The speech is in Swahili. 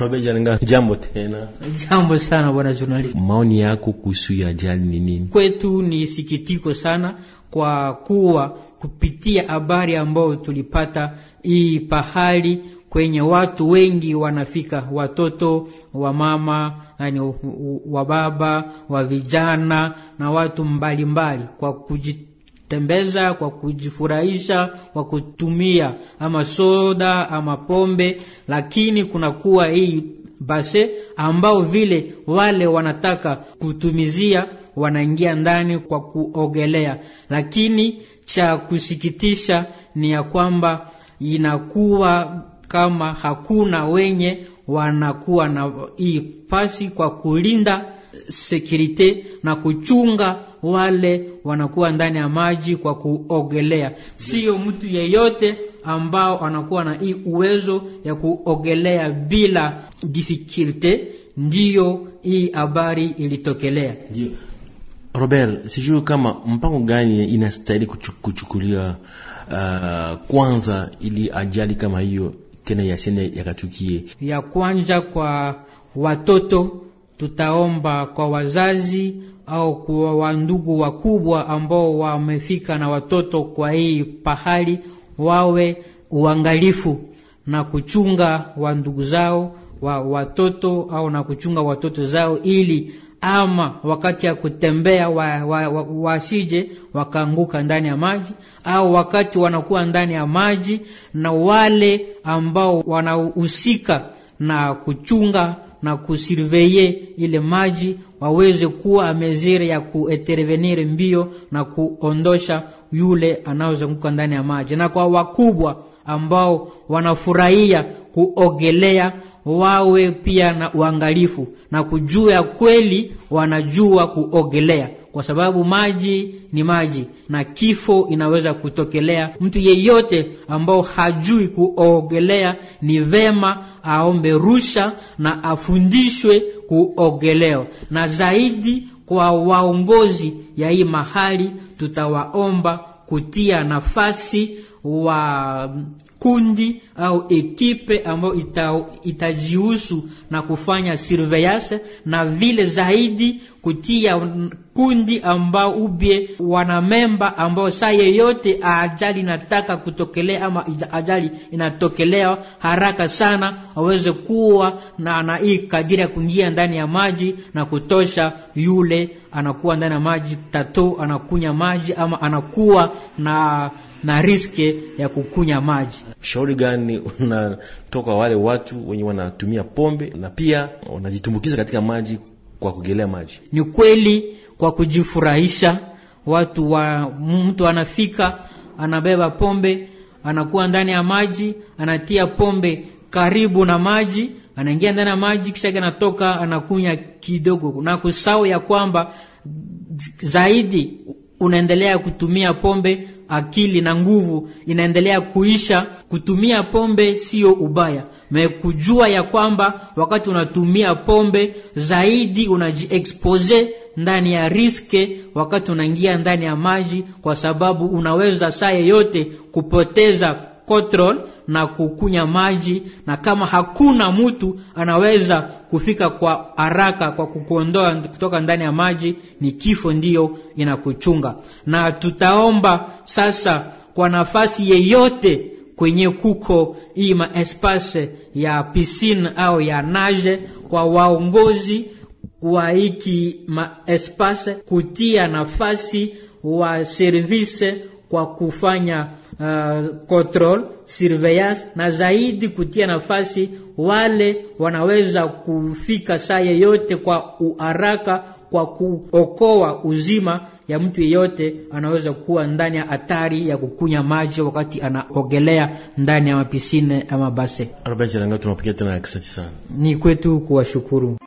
Tunabejananga jambo tena. Jambo sana bwana journalist. Maoni yako kuhusu ya ajali ni nini? Kwetu ni sikitiko sana kwa kuwa kupitia habari ambayo tulipata hii pahali kwenye watu wengi wanafika, watoto wa mama, yani wa baba, wa vijana na watu mbalimbali mbali, kwa kujit kujitembeza, kwa kujifurahisha, kwa kutumia ama soda ama pombe, lakini kunakuwa hii base ambao vile wale wanataka kutumizia wanaingia ndani kwa kuogelea, lakini cha kusikitisha ni ya kwamba inakuwa kama hakuna wenye wanakuwa na hii pasi kwa kulinda sekurite na kuchunga wale wanakuwa ndani ya maji kwa kuogelea. Sio mtu yeyote ambao anakuwa na hii uwezo ya kuogelea bila difikilte. Ndiyo hii habari ilitokelea. Ndiyo. Robert, sijui kama mpango gani inastahili kuchukuliwa uh, kwanza ili ajali kama hiyo tena ya sene katukie ya kwanja kwa watoto. Tutaomba kwa wazazi au kwa wandugu wakubwa ambao wamefika na watoto kwa hii pahali, wawe uangalifu na kuchunga wandugu zao wa watoto au na kuchunga watoto zao ili ama wakati ya kutembea wasije wa, wa, wa wakaanguka ndani ya maji, au wakati wanakuwa ndani ya maji, na wale ambao wanahusika na kuchunga na kusurveye ile maji waweze kuwa amezire ya kuetervenir mbio na kuondosha yule anaozunguka ndani ya maji, na kwa wakubwa ambao wanafurahia kuogelea wawe pia na uangalifu na kujua kweli wanajua kuogelea, kwa sababu maji ni maji na kifo inaweza kutokelea mtu yeyote. Ambao hajui kuogelea, ni vema aombe rusha na afu wafundishwe kuogelewa, na zaidi kwa waongozi ya hii mahali, tutawaomba kutia nafasi wa kundi au ekipe ambayo ita, itajihusu na kufanya surveillance na vile zaidi kutia kundi ambao ubye wanamemba ambao saa yeyote ajali inataka kutokelea ama ajali inatokelea haraka sana, waweze kuwa na na hii kadiri ya kuingia ndani ya maji na kutosha. Yule anakuwa ndani ya maji tato anakunya maji ama anakuwa na na riske ya kukunya maji. Shauri gani unatoka wale watu wenye wanatumia pombe na pia wanajitumbukiza katika maji kwa kugelea maji. Ni kweli kwa kujifurahisha, watu wa mtu anafika anabeba pombe, anakuwa ndani ya maji, anatia pombe karibu na maji, anaingia ndani ya maji, kisha anatoka anakunya kidogo, na kusahau ya kwamba zaidi unaendelea kutumia pombe, akili na nguvu inaendelea kuisha. Kutumia pombe sio ubaya, mekujua ya kwamba wakati unatumia pombe zaidi unajiexpose ndani ya riske, wakati unaingia ndani ya maji, kwa sababu unaweza saa yeyote kupoteza control na kukunya maji, na kama hakuna mtu anaweza kufika kwa haraka kwa kukuondoa kutoka ndani ya maji, ni kifo ndiyo inakuchunga. Na tutaomba sasa kwa nafasi yeyote kwenye kuko hii maespase ya piscine au ya nage, kwa waongozi wa hiki maespase kutia nafasi wa service kwa kufanya uh, control surveillance na zaidi kutia nafasi wale wanaweza kufika saa yeyote kwa uharaka kwa kuokoa uzima ya mtu yeyote anaweza kuwa ndani ya hatari ya kukunya maji wakati anaogelea ndani ya mapisine ama base. ni kwetu kuwashukuru.